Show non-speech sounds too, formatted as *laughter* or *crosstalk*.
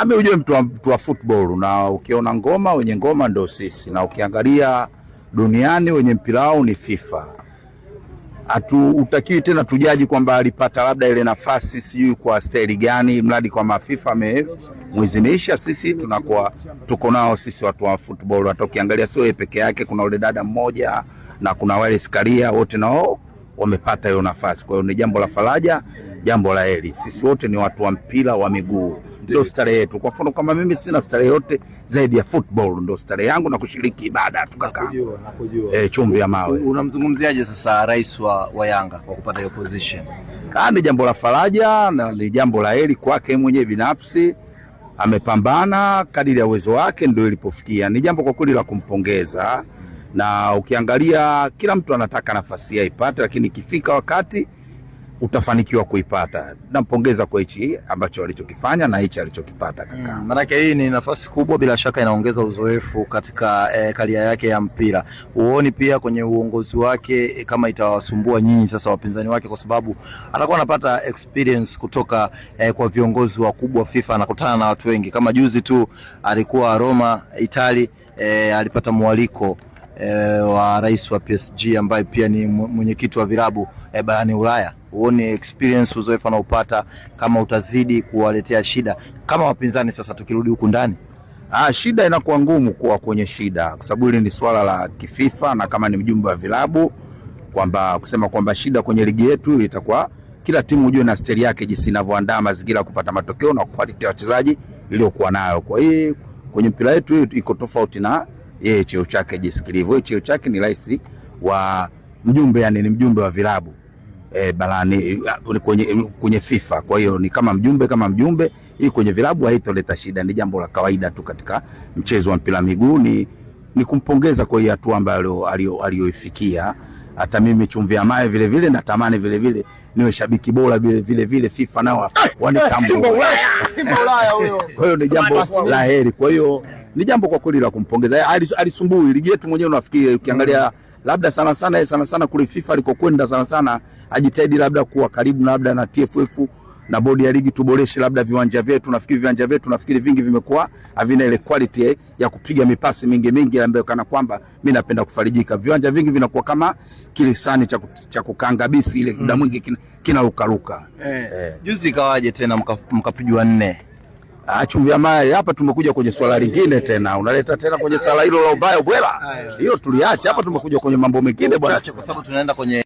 Ami ujue mtu wa mtu wa football, na ukiona ngoma wenye ngoma ndio sisi, na ukiangalia duniani wenye mpira wao ni FIFA. Atu, Hatutakiwi tena tujaji kwamba alipata labda ile nafasi sijui kwa staili gani, mradi kwamba FIFA amemwizinisha. Sisi tunakuwa tuko nao sisi watu wa football. Hata ukiangalia sio yeye peke yake, kuna ule dada mmoja na kuna wale Skaria, wote nao wamepata hiyo nafasi. Kwa hiyo ni jambo la faraja, jambo la heri. Sisi wote ni watu wa mpira wa miguu ndio starehe yetu. Kwa mfano kama mimi sina starehe yote zaidi ya football, ndio starehe yangu na kushiriki ibada tu kaka. Nakujua, nakujua. Eh, chumvi ya mawe. Unamzungumziaje sasa rais wa, wa Yanga kwa kupata hiyo position? Ah, ni jambo la faraja na ni jambo la heri kwake mwenyewe binafsi amepambana kadiri ya uwezo wake, ndio ilipofikia. Ni jambo kwa kweli la kumpongeza, na ukiangalia kila mtu anataka nafasi yake ipate, lakini ikifika wakati utafanikiwa kuipata. Nampongeza kwa hichi ambacho alichokifanya na hichi alichokipata kaka. Mm, maanake hii ni nafasi kubwa, bila shaka inaongeza uzoefu katika eh, karia yake ya mpira. huoni pia kwenye uongozi wake eh, kama itawasumbua nyinyi sasa wapinzani wake, kwa sababu atakuwa anapata experience kutoka eh, kwa viongozi wakubwa FIFA, anakutana na watu wengi. Kama juzi tu alikuwa Roma Itali, e, eh, alipata mwaliko e, wa rais wa PSG ambaye pia ni mwenyekiti wa vilabu e, eh, barani Ulaya, uone experience uzoefu anaopata kama utazidi kuwaletea shida kama wapinzani. Sasa tukirudi huku ndani Ah, shida inakuwa ngumu kuwa kwenye shida kwa sababu hili ni swala la kififa na kama ni mjumbe wa vilabu kwamba kusema kwamba shida kwenye ligi yetu itakuwa kila timu ujue na stili yake jinsi inavyoandaa mazingira kupata matokeo na quality ya wachezaji iliyokuwa nayo. Kwa hiyo kwenye mpira wetu iko tofauti na yeye cheo chake jinsi kilivyo. cheo chake ni rais wa mjumbe, yani ni mjumbe wa vilabu e, barani kwenye, kwenye FIFA. Kwa hiyo ni kama mjumbe kama mjumbe, hii kwenye vilabu haitoleta shida, ni jambo la kawaida tu katika mchezo wa mpira miguu. Ni, ni kumpongeza kwa hiyo hatua ambayo aliyoifikia hata mimi ya maye vile vile natamani vile vile niwe shabiki bora vile vile vile FIFA nao wanitambue. *laughs* Kwa hiyo ni jambo la heri, kwa hiyo ni jambo kwa kweli la kumpongeza. Alisumbui ligi yetu mwenyewe, unafikiri ukiangalia labda sana sana sana sana kule FIFA alikokwenda sana sana, ajitahidi labda kuwa karibu na labda na TFF na bodi ya ligi tuboreshe labda viwanja vyetu. Nafikiri viwanja vyetu nafikiri vingi vimekuwa havina ile quality ya kupiga mipasi mingi mingi, ambayo kana kwamba mimi napenda kufarijika. Viwanja vingi vinakuwa kama kilisani cha cha kukangabisi ile muda mm. mwingi kina, kina ruka ruka eh. Eh. Juzi kawaje tena mkapigwa mka nne ah, Chumvia maya hapa, tumekuja kwenye swala eh. lingine tena, unaleta tena kwenye swala hilo la ubaya bwela, hiyo tuliacha hapa. Tumekuja kwenye mambo mengine bwana, kwa sababu tunaenda kwenye